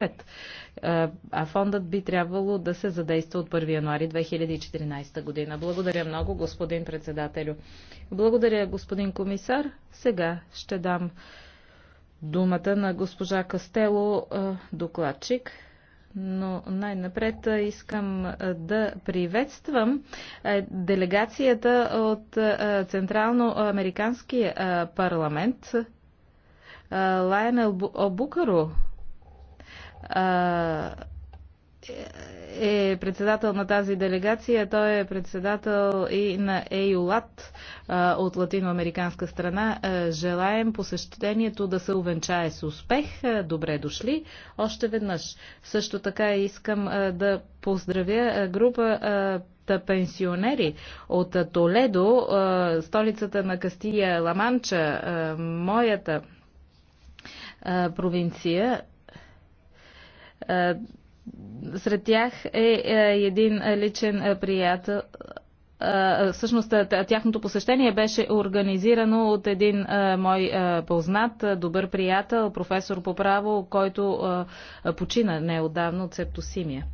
Е, а фондът би трябвало да се задейства от 1 януари 2014 година. Благодаря много, господин председателю. Благодаря, господин комисар. Сега ще дам думата на госпожа Кастело, е, докладчик. Но най-напред е, искам да приветствам делегацията от Централно-Американския парламент. Лайонел Обукаро е председател на тази делегация. Той е председател и на ЕЮЛАТ от латиноамериканска страна. Желаем посещението да се увенчае с успех. Добре дошли още веднъж. Също така искам да поздравя група пенсионери от Толедо, столицата на Кастия Ламанча, моята провинция. Е, сред тях е, е един личен е, приятел. Всъщност, тяхното посещение беше организирано от един мой познат, добър приятел, професор по право, който почина неодавно от септосимия.